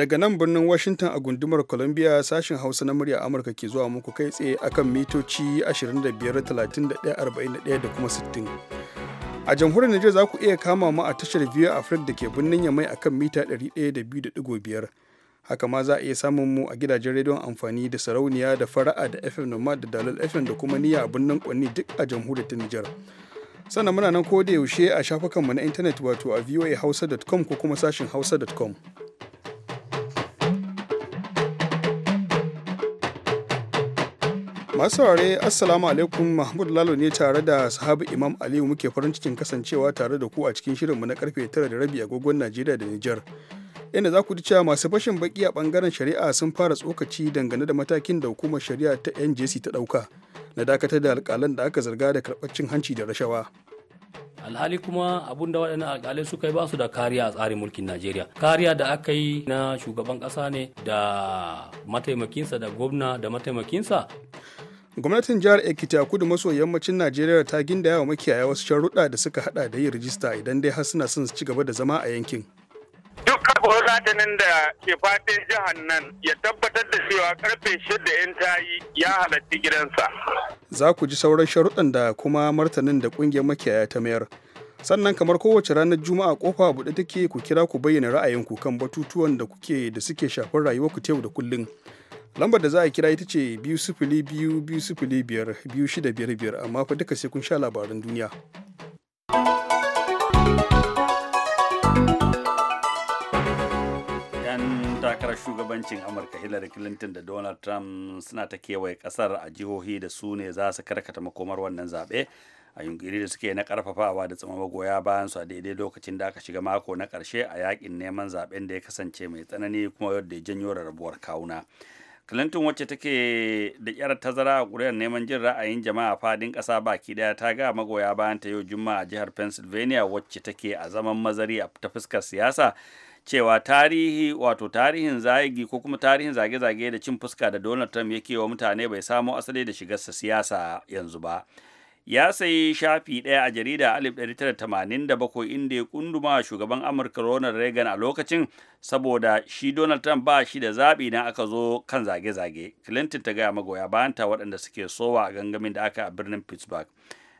Daga nan birnin Washington a gundumar Columbia sashen Hausa na murya Amurka ke zuwa muku kai tsaye akan mitoci 25, 31, 41 da kuma 60. A jamhuriyar Nijar za ku iya kama mu a tashar a afirka da ke birnin Yamai akan mita 102.5. Haka ma za a iya samun mu a gidajen rediyon amfani da sarauniya da fara'a da FM Nomad da dalil FM da kuma niyya a birnin Kwanni duk a jamhuriyar Nijar. Sannan muna nan ko da yaushe a shafukanmu na intanet wato a voahausa.com ko kuma sashin hausa.com. masu saurare assalamu alaikum mahmud lalo ne tare da sahabu imam aliyu muke farin cikin kasancewa tare da ku a cikin shirinmu na karfe 9 da rabi agogon najeriya da nijar inda za ku ji masu fashin baki a bangaren shari'a sun fara tsokaci dangane da matakin da hukumar shari'a ta njc ta dauka na dakatar da alkalan da aka zarga da karɓar cin hanci da rashawa alhali kuma abun da waɗannan alkalai suka yi basu da kariya a tsarin mulkin najeriya kariya da aka yi na shugaban ƙasa ne da mataimakinsa da gwamna da mataimakinsa gwamnatin jihar ekiti a kudu maso yammacin najeriya ta gindaya wa makiyaya wasu sharuɗa da suka hada da yin rijista idan dai har suna son su ci gaba da zama a yankin duk gwamnatinin da ke fatan jihar nan ya tabbatar da cewa karfe shida in ta yi ya halatti gidansa za ku ji sauran sharuɗan da kuma martanin da ƙungiyar makiyaya ta mayar sannan kamar kowace ranar juma'a kofa buɗe take ku kira ku bayyana ra'ayinku kan batutuwan da kuke da suke shafar rayuwarku ta yau da kullum lambar da za a kira ita ce biyu sifili biyu biyu sifili biyar biyu shida biyar biyar amma fa duka sai kun sha labaran duniya yan takarar shugabancin amurka hillary clinton da donald trump suna ta kewaye kasar a jihohi da su ne za su karkata makomar wannan zaɓe a yunkuri da suke na karfafawa da tsama magoya bayan su a daidai lokacin da aka shiga mako na karshe a yakin neman zaben da ya kasance mai tsanani kuma yadda ya janyo rarrabuwar kawuna. clinton wacce take da kyar tazara a ƙuri'ar neman jin ra'ayin jama'a fadin ƙasa baki daya ta ga magoya bayan ta yau juma'a jihar pennsylvania wacce take a zaman mazari a ta fuskar siyasa cewa tarihi wato tarihin zagi ko kuma tarihin zage-zage da cin fuska da donald trump yake wa mutane bai samo asali da shigarsa siyasa yanzu ba ya sayi shafi ɗaya a jarida 1987 inda ya kunduma shugaban amurka ronald reagan a lokacin saboda shi donald trump ba shi da zaɓi na aka zo kan zage-zage clinton ta gaya magoya bayanta waɗanda suke sowa a gangamin da aka a birnin pittsburgh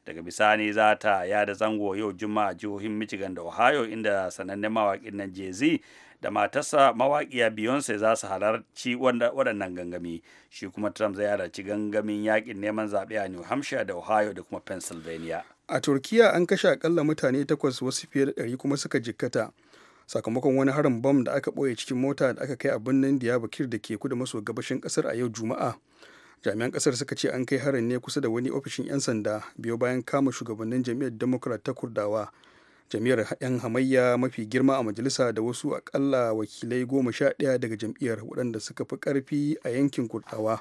daga bisani za ta yada zango yau juma'a jihohin michigan da ohio inda sanannen mawaƙin nan jay da matarsa mawaƙiya beyonce za su halarci waɗannan gangami shi kuma trump zai halarci gangamin yaƙin neman zaɓe a new hampshire da ohio da kuma pennsylvania a turkiya an kashe akalla mutane takwas wasu fiye da ɗari kuma suka jikkata sakamakon wani harin bam da aka ɓoye cikin mota da aka kai a birnin diyabakir da ke kudu maso gabashin ƙasar a yau juma'a jami'an kasar suka ce an kai harin ne kusa da wani ofishin 'yan sanda biyo bayan kama shugabannin jami'ar democrat ta kurdawa jami'ar 'yan hamayya mafi girma a majalisa da wasu akalla wakilai goma sha ɗaya daga jam'iyyar waɗanda suka fi karfi a yankin kurdawa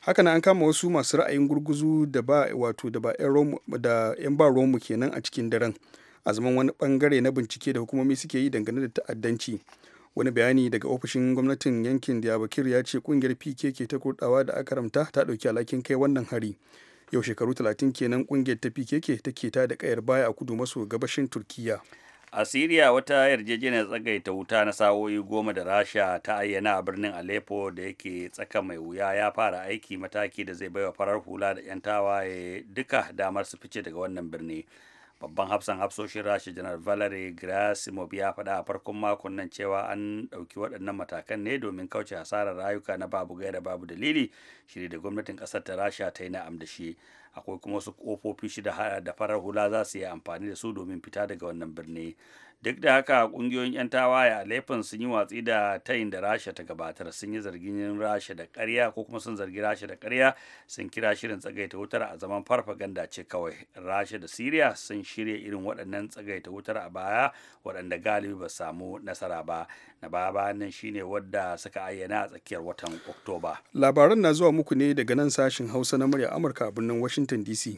haka na an kama wasu masu ra'ayin gurguzu da ba wato da ba 'yan ba romu kenan a cikin daren a zaman wani bangare na bincike da hukumomi suke yi dangane da ta'addanci wani bayani daga ofishin gwamnatin yankin diyabakir ya ce kungiyar pkk ta kurdawa da aka ramta ta dauki alhakin kai wannan hari yau shekaru 30 kenan kungiyar ta pkk take ta da kayar baya a kudu maso gabashin turkiya a siriya wata yarjejeniyar tsagaita wuta na sa'o'i goma da rasha ta ayyana a birnin aleppo da yake tsaka mai wuya ya fara aiki mataki da zai baiwa farar hula da 'yan tawaye duka damar su fice daga wannan birni babban hafsan hafsoshin rashi janar valery grasimov ya faɗa a farkon makon nan cewa an ɗauki waɗannan matakan ne domin kauce hasarar rayuka na babu gaira babu dalili shiri da gwamnatin ƙasar ta rasha ta yi na'am da shi akwai kuma wasu ƙofofi shida da farar hula za su yi amfani da su domin fita daga wannan birni duk da haka ƙungiyoyin 'yan tawaye a laifin sun yi watsi da tayin da rasha ta gabatar sun yi zargin rasha da karya ko kuma sun zargi rasha da karya sun kira shirin tsagaita wutar a zaman farfaganda ce kawai rasha da siriya sun shirya irin waɗannan tsagaita wutar a baya waɗanda galibi ba samu nasara ba na baya bayan nan shine wadda suka ayyana a tsakiyar watan oktoba labaran na zuwa muku ne daga nan sashen hausa na murya amurka a birnin washington dc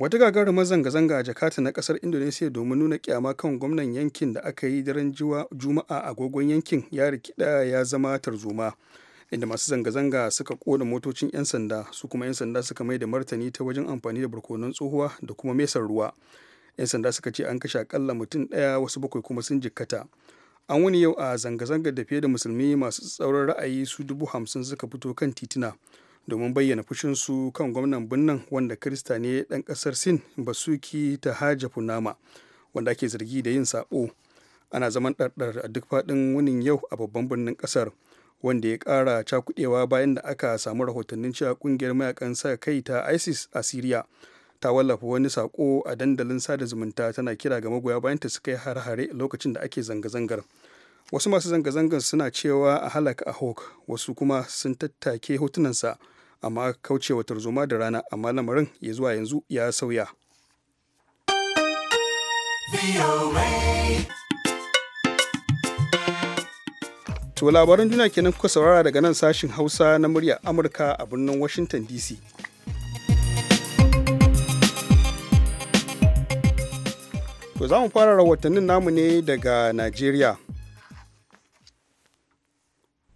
wata gagarumar zanga-zanga a jakarta na kasar indonesiya domin nuna kyama kan gwamnan yankin da aka yi daren juma'a a agogon yankin ya rikida ya zama tarzoma inda masu zanga-zanga suka kona motocin 'yan sanda su kuma 'yan sanda suka mai da martani ta wajen amfani da barkonon tsohuwa da kuma mesar ruwa 'yan sanda suka ce an kashe akalla mutum ɗaya wasu bakwai kuma sun jikkata an wani yau a zanga-zangar da fiye da musulmi masu tsauran ra'ayi su dubu hamsin suka fito kan titina domin bayyana fushinsu kan gwamnan birnin wanda kirista ne ɗan ƙasar sin basuki ta haja funama wanda ake zargi da yin saƙo ana zaman ɗarɗar a duk faɗin wunin yau a babban birnin ƙasar wanda ya ƙara cakuɗewa bayan da aka samu rahotannin cewa ƙungiyar mayakan sa kai ta isis a syria ta wallafa wani sako a dandalin sada zumunta tana kira ga magoya bayanta su kai har-hare lokacin da ake zanga-zangar wasu masu zanga-zangar suna cewa a halaka hawk wasu kuma sun tattake hotunansa amma kaucewa tarzoma da rana amma lamarin ya zuwa yanzu ya sauya To labaran duniya kenan kuka saurara daga nan sashin Hausa na murya Amurka a birnin Washington DC. To za mu fara rahotannin namu ne daga Najeriya.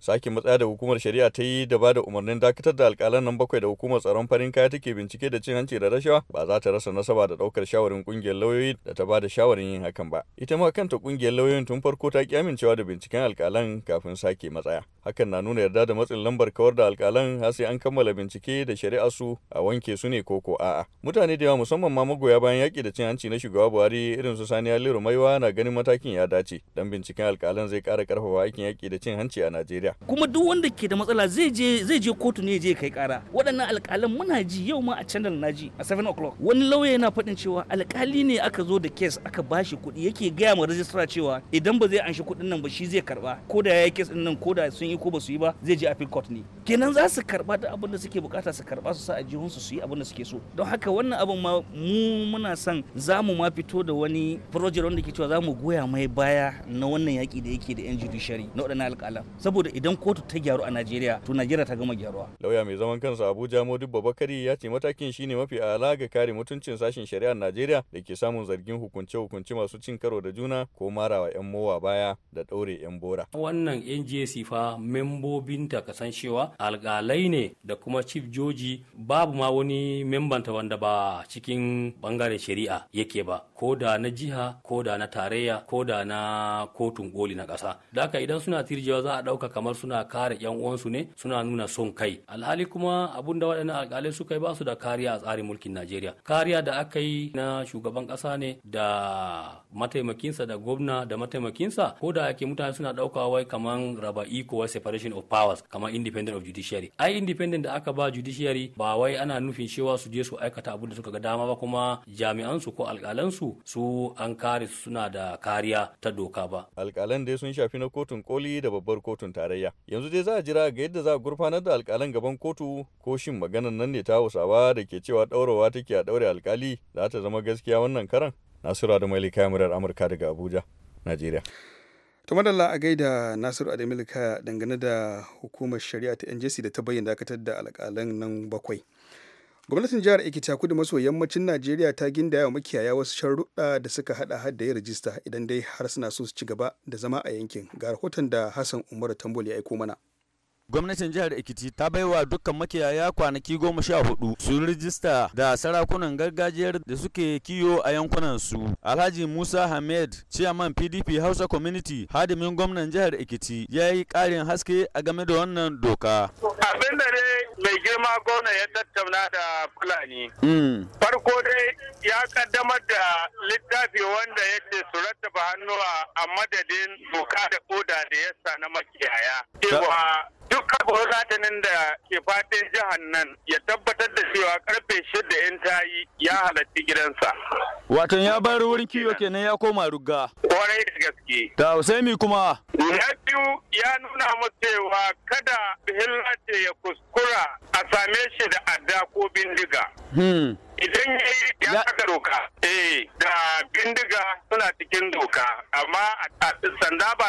sake matsaya da hukumar shari'a ta yi da bada umarnin dakatar da alƙalan nan bakwai da hukumar tsaron farin kaya take bincike da cin hanci da rashawa ba za ta rasa nasaba da ɗaukar shawarin ƙungiyar lauyoyi da ta bada shawarin yin hakan ba ita ma kanta ƙungiyar lauyoyin tun farko ta ki amincewa da binciken alƙalan kafin sake matsaya hakan na nuna yarda da matsin lambar kawar da alƙalan har sai an kammala bincike da shari'a su a wanke su ne ko ko a'a mutane da yawa musamman ma magoya bayan yaƙi da cin hanci na shugaba Buhari irin su Sani Ali maiwa na ganin matakin ya dace dan binciken alƙalan zai ƙara ƙarfafa aikin yaƙi da cin hanci a Najeriya kuma duk wanda ke da matsala zai je zai je kotu ne je kai kara waɗannan alƙalan muna ji yau ma a channel ji a 7 o'clock wani lauya yana faɗin cewa alƙali ne aka zo da case aka bashi kuɗi yake gaya ma rajistra cewa idan ba zai anshi kuɗin nan ba shi zai karba ko da yayi case din nan ko da sun yi ko ba su yi ba zai je appeal court ne kenan za su karba da abin da suke bukata su karba su sa a jihun su su yi abin da suke so don haka wannan abin ma mu muna son za mu ma fito da wani project wanda ke cewa za mu goya mai baya na wannan yaki da yake da yan judiciary na waɗannan alƙalan saboda idan kotu ta gyaru a najeriya to najeriya ta gama gyaruwa lauya mai zaman kansa abuja modibba bakari ya ce matakin shine mafi ala ga kare mutuncin sashen a najeriya da ke samun zargin hukunce hukunci masu cin karo da juna ko marawa yan mowa baya da ɗaure yan bora wannan njc fa membobinta cewa alƙalai ne da kuma chief joji babu ma wani memban ta wanda ba cikin bangaren shari'a yake ba ko da na jiha ko da na tarayya ko da na kotun koli na ƙasa da idan suna tirjewa za a ɗauka kamar kamar suna kare yan uwansu ne suna nuna son kai alhali kuma abun da waɗannan alƙalai suka yi ba su da kariya a tsarin mulkin najeriya kariya da aka yi na shugaban ƙasa ne da mataimakinsa da gwamna da mataimakinsa ko da ake mutane suna ɗauka wai kamar raba iko wai separation of powers kamar independent of judiciary ai independent da aka ba judiciary ba wai ana nufin cewa su je su aikata abun da suka ga dama ba kuma jami'ansu ko alƙalansu su an kare suna da kariya ta doka ba alƙalan dai sun shafi na kotun koli da babbar kotun tarayya tarayya yanzu dai za a jira ga yadda za a gurfanar da alkalan gaban kotu ko shin maganar nan ne ta hausawa da ke cewa ɗaurawa take a ɗaure alkali za ta zama gaskiya wannan karan nasiru da mailika murar amurka daga abuja najeriya to madalla a gaida nasiru adamilka dangane da hukumar shari'a ta njc da ta bayyana dakatar da alkalan nan bakwai gwamnatin jihar ekita kudu maso yammacin najeriya ta ginda wa makiyaya wasu sharuɗa da suka haɗa har ya rajista idan dai har suna so su ci gaba da zama a yankin ga rahoton da hassan umaru tambol ya aiko mana Gwamnatin jihar Ekiti ta baiwa dukkan makiyaya kwanaki goma sha hudu su rijista da sarakunan gargajiyar da suke kiyo a yankunan su. Alhaji Musa Hamed, Chairman PDP Hausa Community, hadimin gwamnan jihar Ekiti, ya yi ƙarin haske a game da wannan doka. Abin da dai mai girma gwamna ya tattauna da Fulani. Hmm. Farko dai ya kaddamar da littafi wanda ya ce su rattaba hannuwa a madadin doka da koda da yasa na makiyaya. Duk gwamnatinin da ke fatan jihar nan ya tabbatar da cewa karfe shida in ta yi ya halatti gidansa. Watan ya bar wurin kiwo kenan ya koma rugga. Kwarai da gaske. Ta mi kuma. Na biyu ya nuna macewa, cewa kada Bihilla ce ya kuskura a same shi da adda ko bindiga. Hmm. Idan ya yi ya saka doka, eh da bindiga suna cikin doka, amma sanda ba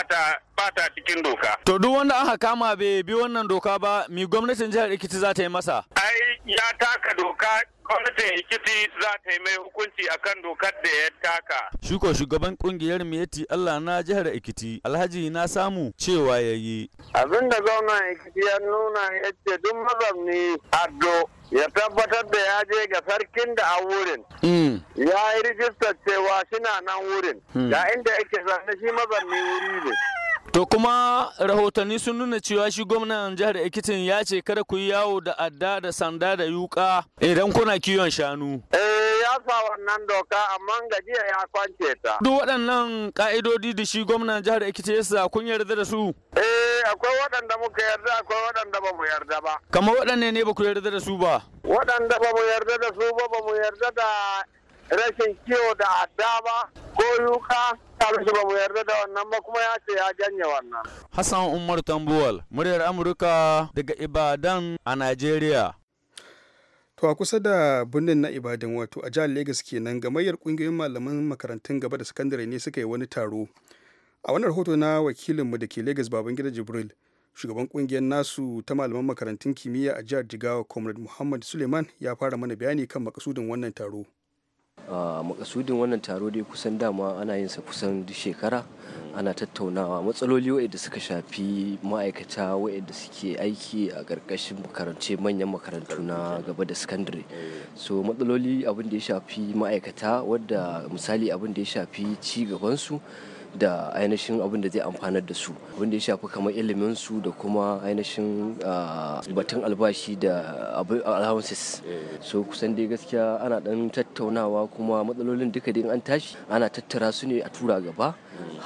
ta cikin doka. To duk wanda aka kama bai bi wannan doka ba, mi gwamnatin jihar Ekiti za ta yi masa? Ai ya taka doka gwamnatin ikiti za ta yi mai hukunci akan dokar da ya taka. Shuko shugaban kungiyar Meti Allah na jihar Ikiti Alhaji na samu cewa ya yi. Abin da gwamnan Ikiti ya nuna ya ce duk mazamni Addo ya tabbatar da ya je ga sarkin da a wurin. Mm. Ya yi rijistar cewa shi na nan wurin. Ya mm. inda yake zane shi mazamni wuri ne. To kuma rahotanni sun nuna cewa shi gwamnan jihar Ekitin ya ce kada ku yi yawo da adda da sanda da yuka idan kuna kiwon shanu. Eh ya sa wannan doka amma gajiya ya kwance ta. Duk waɗannan ka'idodi da shi gwamnan jihar Ekiti ya sa kun yarda da su? Eh akwai waɗanda muka yarda akwai waɗanda ba mu yarda ba. Kamar waɗanne ne ba ku yarda da su ba? Waɗanda ba mu yarda da su ba ba mu yarda da rashin kiwo da adda ba ko yuka mu yarda da wannan ba kuma Hassan Umar Tambuwal, muryar Amurka daga Ibadan a Najeriya. To a kusa da birnin na Ibadan wato a jihar Legas kenan gamayyar kungiyoyin malaman makarantun gaba da sakandare ne suka yi wani taro. A wannan rahoto na wakilinmu da ke Legas Babangida Jibril, shugaban kungiyar nasu ta malaman makarantun kimiyya a jihar Jigawa Comrade Muhammad Suleiman ya fara mana bayani kan makasudin wannan taro. A makasudin wannan taro dai kusan dama ana yin sa kusan duk shekara ana tattaunawa matsaloli waɗanda suka shafi ma'aikata waɗanda suke aiki a ƙarƙashin makarance manyan makarantu na gaba da sakandare. So matsaloli abin da ya shafi ma'aikata wadda misali abin da ya shafi ci gabansu. da ainihin abin da zai amfanar da su abin da ya shafi kamar ilimin su da kuma ainihin ah, batun albashi da allowances so kusan dai gaskiya ana dan tattaunawa kuma matsalolin duka dai an tashi ana tattara su ne a tura gaba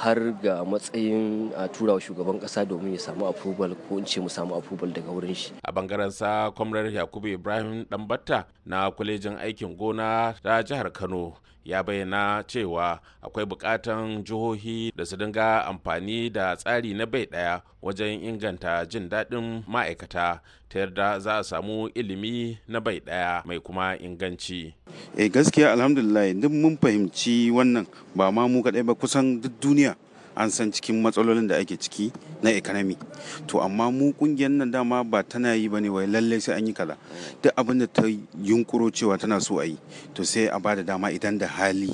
har ga matsayin a ah, tura wa shugaban kasa domin ya samu approval ko in ce mu samu approval daga wurin shi a bangaren sa kwamrar yakubu ibrahim dambatta na kwalejin aikin gona ta jihar kano ya bayyana cewa akwai bukatan jihohi da su dinga amfani da tsari na bai daya wajen inganta jin daɗin ma'aikata ta yarda za a samu ilimi na bai daya mai kuma inganci eh gaskiya alhamdulillah duk mun fahimci wannan ba ma mu kaɗai ba kusan duk duniya an san cikin matsalolin da ake ciki na economy to amma mu kungiyar nan dama ba tana yi bane wai lalle sai an yi kaza duk abin da ta yunkuro cewa tana so a yi to sai a ba da dama idan da hali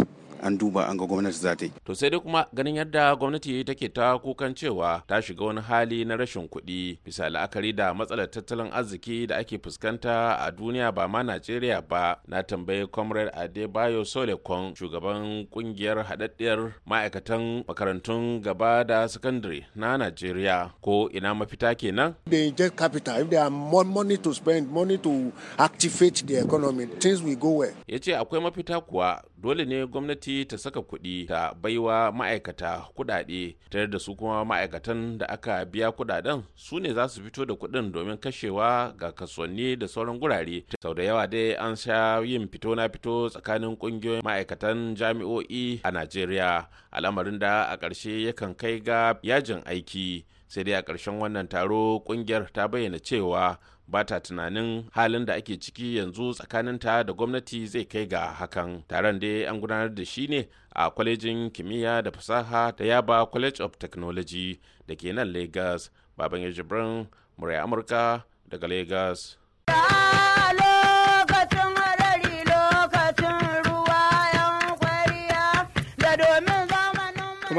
an duba an ga gwamnati za ta yi. To sai dai kuma ganin yadda gwamnati take ta kukan cewa ta shiga wani hali na rashin kuɗi bisa la'akari da matsalar tattalin arziki da ake fuskanta a duniya ba ma Najeriya ba na tambayi Comrade Adebayo Solekon shugaban kungiyar haɗaɗɗiyar ma'aikatan makarantun gaba da sakandare na Najeriya ko ina mafita kenan? They inject capital if they are more money to spend money to activate the economy things will go well. Ya akwai mafita kuwa dole ne gwamnati ta saka kuɗi ta baiwa ma'aikata kuɗaɗe tare da su kuma ma'aikatan da aka biya kuɗaɗen su ne za su fito da kuɗin domin kashewa ga kasuwanni da sauran gurare sau da yawa dai an sha yin fito na fito tsakanin ƙungiyoyin ma'aikatan jami'o'i a najeriya al'amarin da a ƙarshe yakan kai ga yajin aiki sai dai a ƙarshen wannan taro ƙungiyar ta bayyana cewa ba ta tunanin halin da ake ciki yanzu tsakaninta da gwamnati zai kai ga hakan taron dai an gudanar da shi ne a kwalejin kimiyya da fasaha da yaba college of technology da ke nan lagos baban ya jibrin amurka daga lagos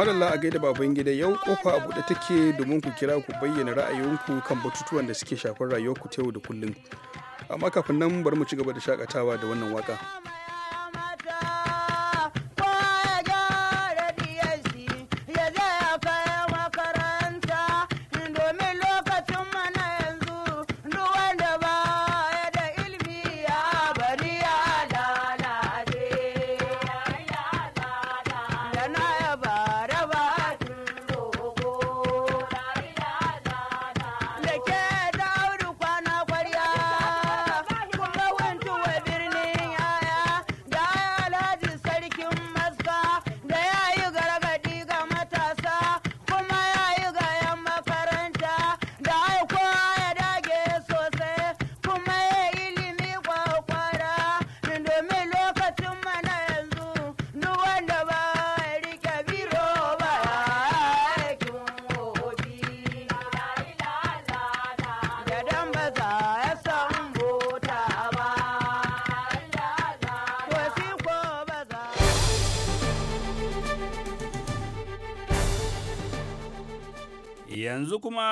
Allah a gaida baban gida yau kofa a buɗe take domin ku kira ku bayyana ra'ayoyinku kan batutuwan da suke shafar rayuwarku ta yau da kullum amma kafin nan bari mu ci gaba da shakatawa da wannan waka.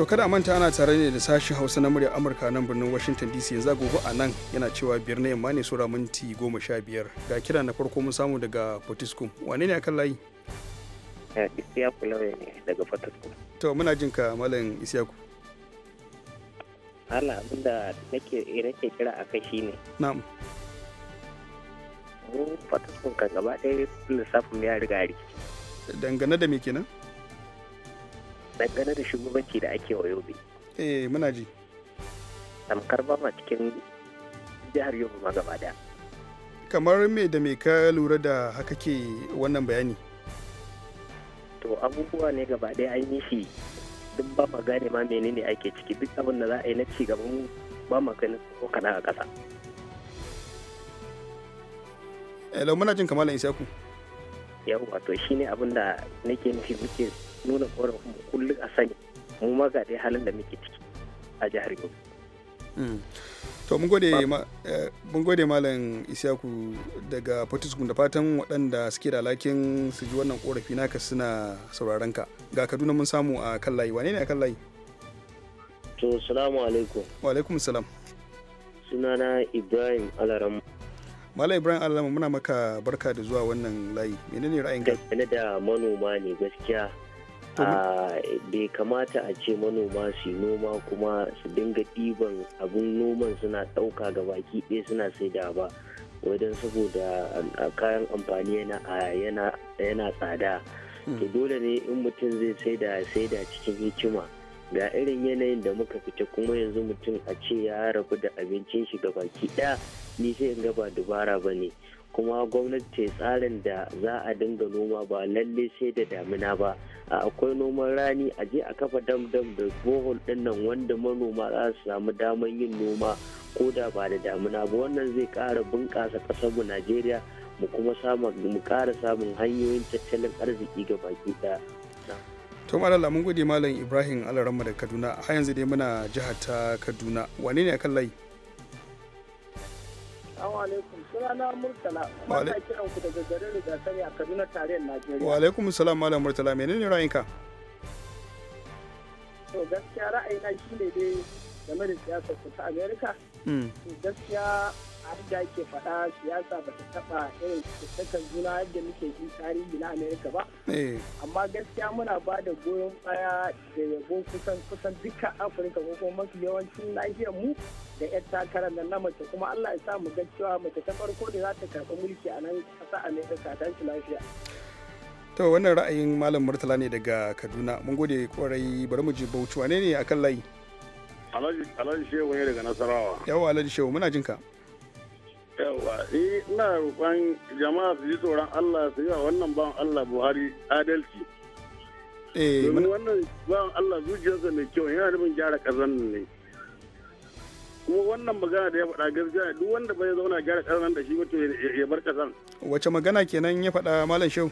To kada manta ana tare ne da sashen Hausa na murya Amurka nan birnin Washington DC yanzu gobe a nan yana cewa biyar na yamma ne sura minti goma sha biyar. Ga kira na farko mun samu daga Fortiskum. Wane ne akan layi? Eh, Isiyaku ne daga Fortiskum. To muna jin ka Malam Isiyaku. Hala abinda nake eh, nake kira a kai shine. Na'am. Mu kan gaba ɗaya lissafin ya riga rikici. Dangane da me kenan? dangane da shugabanci da ake wa yobe eh muna ji tamkar ba ma cikin jihar yobe ma gaba da kamar me da me ka lura da haka ke wannan bayani to abubuwa ne gaba ɗaya an yi shi duk ba ma gane ma menene ake ciki duk abin da za a yi na ci gaban ba ma ganin ko kana a ƙasa Hello, muna jin kamalan isaku. Yawwa, to ne abin da nake nufi muke nuna korafin mu kullum a sani mu ma ga dai halin da muke ciki a jihar yau hmm. To mun gode eh, malam Isaku daga Fortiskum da fatan waɗanda suke da alakin su ji wannan korafi naka suna sauraron ka. Ga Kaduna mun samu a kan layi wane ne a kan layi? To salamu alaikum. Wa alaikum salam. Sunana Ibrahim Alaram. Malam Ibrahim Alaram muna maka barka da zuwa wannan layi. Menene ra'ayinka? Gaskiya da manoma ne gaskiya Ah, bai kamata a ce manoma su yi noma kuma su dinga ɗiban abin noman suna ɗauka ga baki ɗaya suna saida ba wajen saboda ah, kayan amfani yana ah, tsada hmm. to dole ne in mutum zai saida saida cikin hikima ga irin yanayin da muka fita kuma yanzu mutum a ce ya rabu da abincin shi ga baki ɗaya ni sai in gaba dubara ba ne kuma gwamnati ce tsarin da za a dinga noma ba lalle sai da damina ba a akwai noman rani a je a kafa dam dam da bohol dinnan wanda manoma za su samu daman yin noma ko da ba da damina ba wannan zai ƙara bunƙasa ƙasarmu najeriya mu kuma mu kara samun hanyoyin tattalin arziki ga baki ɗaya to malala mun gode malam ibrahim alarama da kaduna har yanzu dai muna jihar ta kaduna wane ne a kan layi sunana murtala kuma ta daga garin rigasari a kaduna tarayyar najeriya wa alaikum salam malam murtala menene ra'ayinka to gaskiya ra'ayina shine dai game da siyasar ta america hmm. gaskiya abin da ake faɗa siyasa ba ta taɓa irin cikakken juna yadda muke yi tarihi na amerika ba eh. amma gaskiya muna ba da goyon baya da yabo kusan kusan duka afirka ko kuma mafi yawancin nahiyar mu da 'yan takarar nan na mace kuma Allah ya sa mu ga cewa mace ta farko da za ta karɓi mulki a nan ƙasa Amerika don shi lafiya. To wannan ra'ayin Malam Murtala ne daga Kaduna. Mun gode kwarai bari mu ji Bauchi wane ne akan layi? Alhaji Shehu ne daga Nasarawa. Yawa Alhaji Shehu muna jinka. Yawa eh ina roƙon jama'a su ji tsoron Allah su yi wa wannan ban Allah Buhari adalci. Eh wannan ban Allah zuciyarsa mai kyau yana nufin gyara ƙasar ne. kuma wannan magana da ya faɗa gaskiya duk wanda bai zauna gyara ƙasar nan da shi mutum ya bar ƙasar. wace magana kenan ya faɗa malam shehu.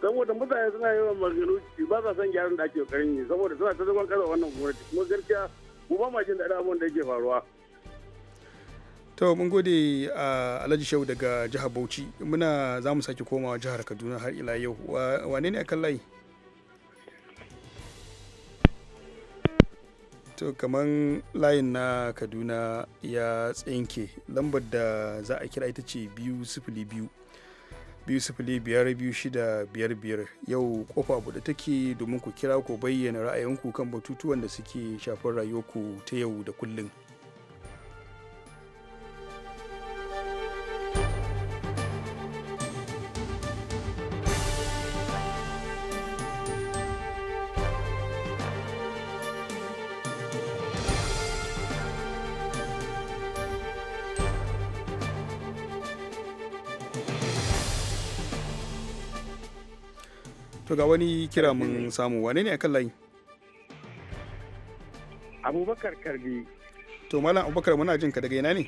saboda mutane suna yawan maganu ba sa son gyaran da ake ƙarin yi saboda suna ta zagon ƙasa wannan gwamnati kuma gaskiya mu ba mashin jin abubuwan da yake faruwa. to mun gode a alhaji shehu daga jihar bauchi muna za mu sake komawa jihar kaduna har ila yau wane ne a kan layi. to kaman layin na kaduna ya tsinke lambar da za a kira ita ce biyu sifili biyu biyu sifili biyar biyu shida biyar biyar yau kofa buɗe take domin ku kira ku bayyana ra'ayinku kan batutuwan da suke shafar rayuwarku ta yau da kullum. to ga wani kira mun samu wane ne a kan layi abubakar karbi to malam abubakar muna jin ka daga ina ne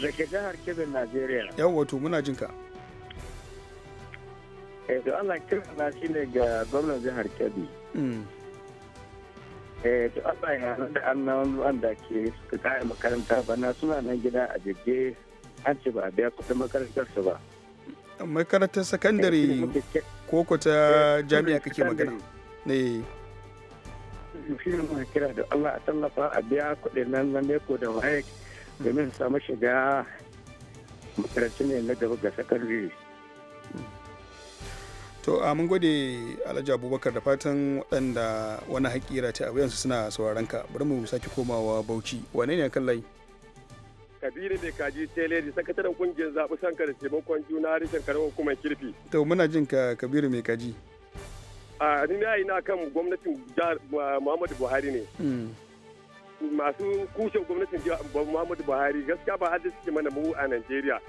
daga jihar kebbi najeriya yawwa to muna jin ka eh to allah kira na shine ga gwamnan jihar kebbi mm. eh to allah ya hana da an annan wanda ke suka kaya makaranta bana suna nan gida a jirge an ce ba a biya makarantar su ba makarantar sakandare koko ta eh, jami'a kake magana ne eh. shi ne kira da Allah a tallafa a biya kuɗi nan na ko da waye domin samu shiga makarantar ne na gaba ga sakandare to a mun gode alhaji abubakar da fatan waɗanda wani haƙira ta abu wuyansu suna sauraron ka bari mu sake komawa bauchi wane ne kan layi kabiru mai kaji teledi sakataren kungiyar zaɓi sanka da taimakon juna rashin karɓar hukumar kirfi. to muna jin ka kabiru mai kaji. a ni na yi na kan gwamnatin ah, muhammadu buhari ne. Hmm. masu kushe gwamnatin ah, muhammadu buhari gaskiya ba hadda suke mana mu a nigeria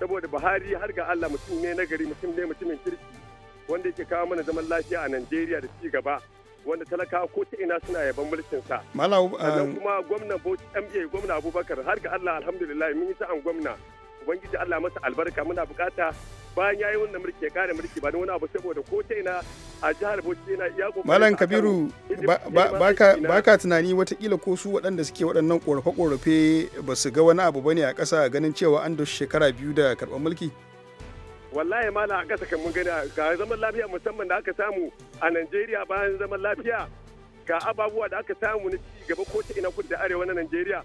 saboda buhari har ga allah mutum ne na gari mutum ne mutumin kirki wanda yake kawo mana zaman lafiya a nigeria da ci gaba wanda talakawa ko ta ina suna yaban mulkin sa sannan um, kuma gwamnan Bauchi MA gwamna Abubakar har ga Allah alhamdulillah mun yi sa'an gwamna ubangiji Allah masa albarka muna bukata bayan yayi wannan mulki ya kare mulki ba wani abu saboda ko ta ina a jihar Bauchi yana iya kokari Malam Kabiru baka baka tunani watakila ko su waɗanda suke waɗannan korafe-korafe ba su ga wani abu bane a ƙasa ganin cewa an shekara biyu da karɓar mulki wallahi mala a ƙasa kan mun gani ga zaman lafiya musamman da aka samu a Najeriya bayan zaman lafiya ga ababuwa da aka samu na ci gaba ko ta ina kudu da arewa na Najeriya.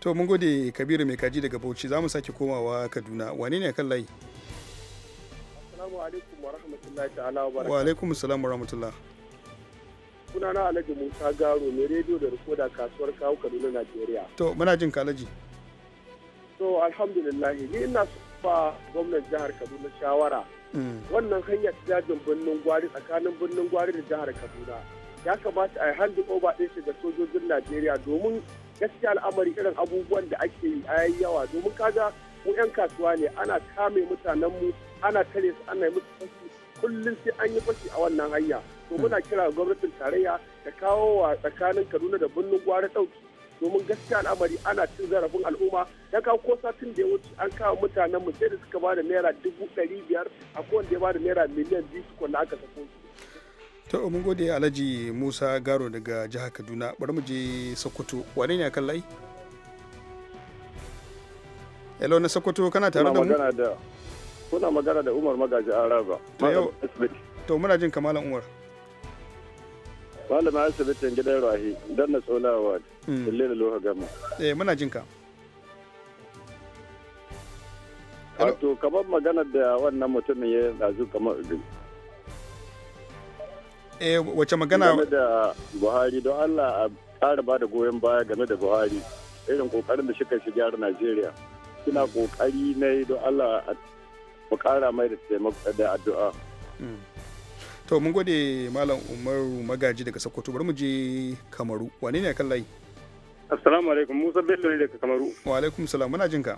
To mun gode Kabiru mai kaji daga Bauchi za mu sake komawa Kaduna wane ne kan layi? Assalamu alaikum wa rahmatullahi ta'ala wa Wa alaikum assalam wa rahmatullah. Sunana Alhaji Musa Garo mai rediyo da rikoda kasuwar kawo Kaduna Najeriya. To muna jin ka Alhaji. To alhamdulillah ni ina so ba gwamnan jihar kaduna shawara mm. wannan hanyar jajin birnin gwari tsakanin birnin gwari da jihar kaduna ya kamata a yi hand over ɗin shi ga sojojin najeriya domin gaskiya al'amari irin abubuwan da ake yi a yawa domin kaga mu 'yan kasuwa ne ana kame mutanenmu ana kare su ana yi musu fashi kullum sai an yi fashi a wannan hanya to muna mm. kira gwamnatin tarayya ta kawo wa tsakanin kaduna da birnin gwari ɗauki domin gaskiya al'amari ana cin zarafin al'umma ya kawo ko satin da ya wuce an kawo mutanen mu sai da suka bada naira dubu ɗari biyar a wanda ya bada naira miliyan biyu kwanna aka sako su. to mun gode alhaji musa garo daga jihar kaduna bari mu je sokoto wane ne kan layi. hello na sokoto kana tare da mu. kuna magana da umar magaji araba. ta yau to muna jin kamalan umar. malama asibitin gidan rahi don na tsolawa lalle hmm. loha gama eh muna jinka wato kamar magana da wannan mutumin ya dazu kamar eh wace magana game da buhari don allah a ƙara ba da goyon baya game da buhari irin kokarin da shika shi gyara najeriya suna kokari na don allah a ƙara mai da addu'a hmm. to mun gode malam umaru magaji daga sokoto bari mu je kamaru wane ne kan layi assalamu alaikum musa bello ne daga kamaru wa alaikum salam muna jinka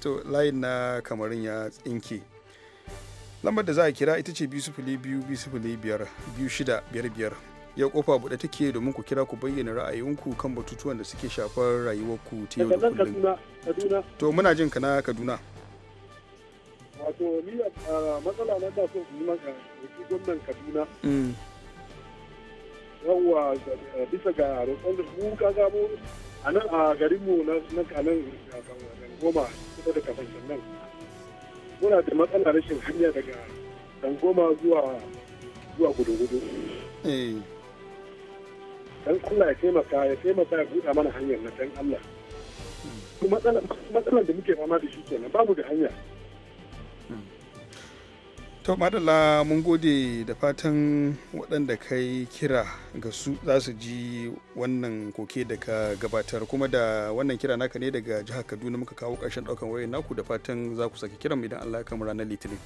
to layin na kamarin ya tsinke lambar da za a kira ita ce biyu sifili biyu biyu sifili biyar biyu shida biyar biyar ya kofa buɗe take domin ku kira ku bayyana ra'ayinku kan batutuwan da suke shafar rayuwarku ta yau da kullum to muna jin ka na kaduna wato ni a matsala na da so yi maka shi gwamnan kaduna mm. yawwa bisa ga roƙon da mu ka gamo a nan a garinmu na kanan goma kusa da kafin nan muna da matsala rashin hanya daga goma zuwa zuwa gudu-gudu eh. dan Allah ya taimaka ya taimaka ya buɗa mana hanyar na dan Allah mm. matsalar da muke fama da shi kenan babu da hanya to madalla mun gode da fatan waɗanda kai kira ga su za su ji wannan koke da ka gabatar kuma da wannan kira naka ne daga jihar kaduna muka kawo ƙarshen ɗaukan wayar naku da fatan za ku saki kiran idan allah ya ranar litinin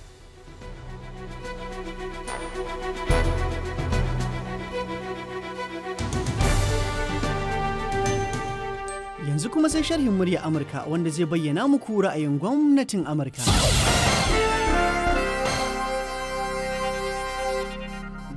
yanzu kuma sai sharhin murya amurka wanda zai bayyana muku ra'ayin gwamnatin amurka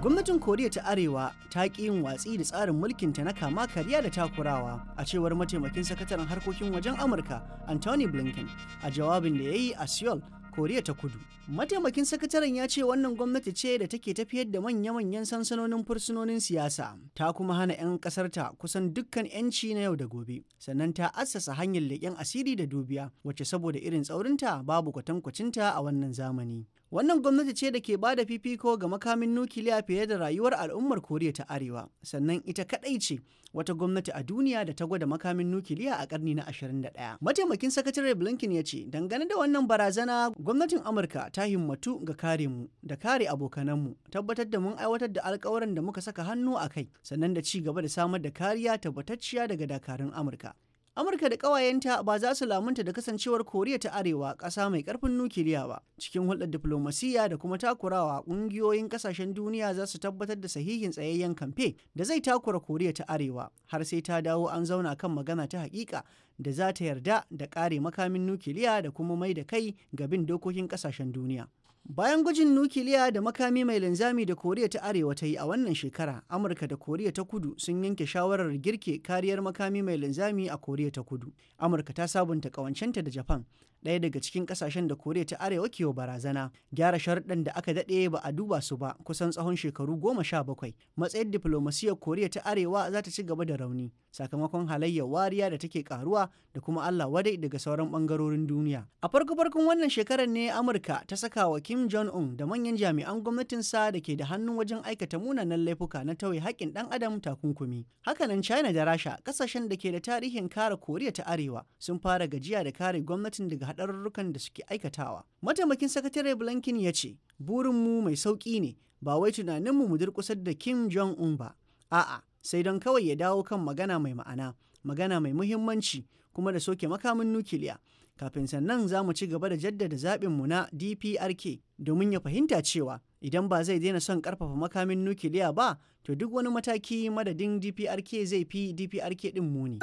Gwamnatin Koriya ta Arewa ta ƙi yin watsi da tsarin mulkinta na kama kariya da takurawa a cewar mataimakin sakataren harkokin wajen Amurka Anthony Blinken a jawabin da ya yi a Seoul Koriya ta Kudu. Mataimakin sakataren ya ce wannan gwamnati ce da take tafiyar da manya-manyan sansanonin fursunonin siyasa, ta kuma hana 'yan ƙasarta kusan dukkan 'yanci na yau da gobe, sannan ta assasa hanyar leƙen asiri da dubiya, wacce saboda irin tsaurinta babu kwatankwacinta a wannan zamani. Wannan gwamnati ce da ke ba da fifiko ga makamin nukiliya fiye da rayuwar al'ummar Koriya ta Arewa, sannan ita kaɗai ce wata gwamnati a duniya da ta gwada makamin nukiliya a karni na 21. Mataimakin sakatare Blinken ya ce, dangane da wannan barazana, gwamnatin Amurka ta himmatu ga kare mu da kare abokananmu, tabbatar da mun aiwatar da alkawuran da muka saka hannu a kai, sannan da ci gaba da samar da kariya tabbatacciya daga dakarun Amurka. Amurka da ƙawayenta ba za su lamunta da kasancewar Koriya ta Arewa ƙasa mai ƙarfin nukiliya ba. Cikin hulɗar diflomasiyya da kuma takurawa ƙungiyoyin ƙasashen duniya za su tabbatar da sahihin tsayayyen kamfe da zai takura Koriya ta Arewa har sai ta dawo an zauna kan magana ta haƙiƙa da za ta yarda da ƙare makamin nukiliya da kuma mai da kai ga bin dokokin ƙasashen duniya. Bayan gwajin nukiliya da makami mai linzami da Koriya ta Arewa ta yi a wannan shekara, Amurka da Koriya ta Kudu sun yanke shawarar girke kariyar makami mai linzami a Koriya ta Kudu. Amurka ta sabunta ƙawancenta da Japan, ɗaya daga cikin ƙasashen da Koriya ta Arewa ke barazana. Gyara sharuɗan da aka daɗe ba a duba su ba kusan tsawon shekaru goma sha bakwai. Matsayin diflomasiyar Koriya ta Arewa za ta ci gaba da rauni. sakamakon halayyar wariya da take karuwa da kuma Allah wadai daga sauran bangarorin duniya. A farko farkon wannan shekarar ne Amurka ta saka wa Kim Jong-un da manyan jami'an gwamnatinsa da ke da hannun wajen aikata munanan laifuka na tauye haƙƙin ɗan adam takunkumi. Hakanan China da Rasha ƙasashen da ke da tarihin kare Koriya ta Arewa sun fara gajiya da kare gwamnatin daga haɗarurrukan da suke aikatawa. Mataimakin sakatare Blinken ya ce, burinmu mai sauƙi ne ba wai tunaninmu mu durƙusar da Kim Jong-un ba. A'a, sai don kawai ya dawo kan magana mai ma'ana magana mai muhimmanci kuma da soke makamin nukiliya kafin sannan za mu ci gaba da jaddada zaɓin mu na dprk domin ya fahimta cewa idan ba zai daina son ƙarfafa makamin nukiliya ba to duk wani mataki madadin dprk zai fi dprk ɗin muni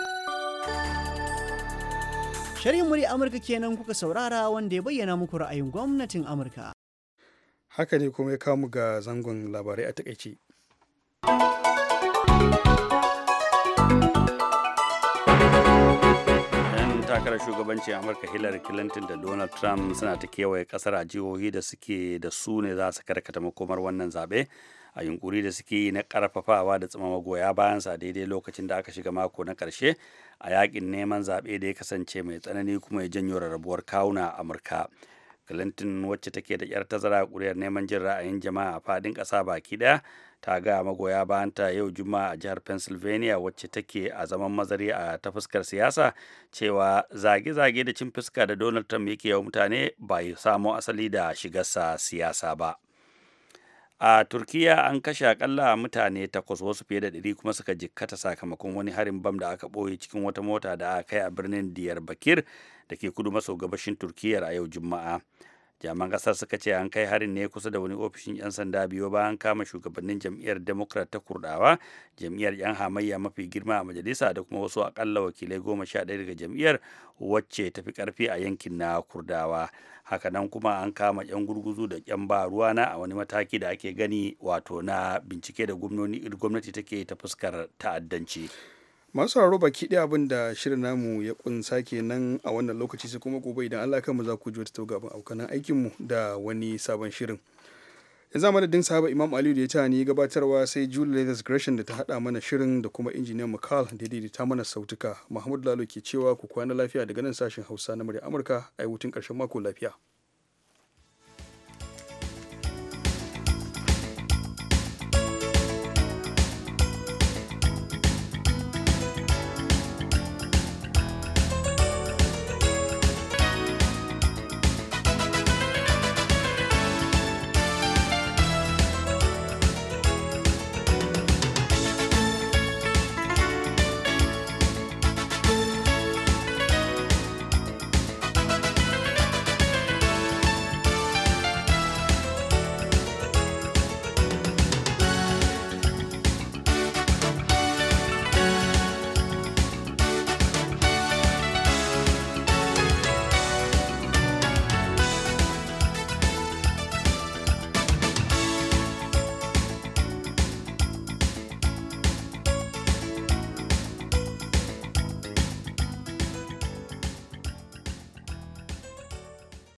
Shari'in muri Amurka kenan kuka saurara wanda ya bayyana muku ra'ayin gwamnatin Amurka. Haka ne kuma ya kamu ga zangon labarai a takaice. takarar shugabancin amurka hillary clinton da donald trump suna ta kewaye kasar a jihohi da suke da su ne za su karkata makomar wannan zaɓe a yunkuri da suke yi na karfafawa da magoya goya sa daidai lokacin da aka shiga mako na karshe a yakin neman zaɓe da ya kasance mai tsanani kuma ya janyo rarrabuwar kawuna a amurka clinton wacce take da yar tazara kuriyar neman jin ra'ayin jama'a a faɗin ƙasa baki ɗaya ta ga magoya bayanta yau juma a jihar pennsylvania wacce take a zaman mazari a ta fuskar siyasa cewa zage-zage da cin fuska da donald trump yake yau mutane ba ya samo asali da shigarsa siyasa ba a turkiya an kashe akalla mutane takwas wasu fiye da ɗari kuma suka jikkata sakamakon wani harin bam da aka ɓoye cikin wata mota da aka kai a birnin diyar bakir da ke kudu maso gabashin turkiyar a yau juma'a jaman kasar suka ce an kai harin ne kusa da wani ofishin 'yan sanda biyu bayan kama shugabannin jam'iyyar democrat ta kurdawa jam'iyyar 'yan hamayya mafi girma a majalisa da kuma wasu akalla wakilai goma sha ɗaya daga jam'iyyar wacce ta fi karfi a yankin na kurdawa hakanan kuma an kama 'yan gurguzu da 'yan ba ruwana a wani mataki da ake gani wato na bincike da gwamnati take ta fuskar ta'addanci masu sauraro baki ɗaya abin da shirin namu ya kunsa nan a wannan lokaci sai kuma gobe idan Allah mu za ku ji wata abin abokanan aikinmu da wani sabon shirin yanzu a madadin sahaba imam aliyu da ya ta ni gabatarwa sai julie leathers gresham da ta haɗa mana shirin da kuma injiniyan mccall da ya ta mana sautuka mahmud lalo ke cewa ku kwana lafiya daga nan sashen hausa na murya amurka a yi hutun ƙarshen mako lafiya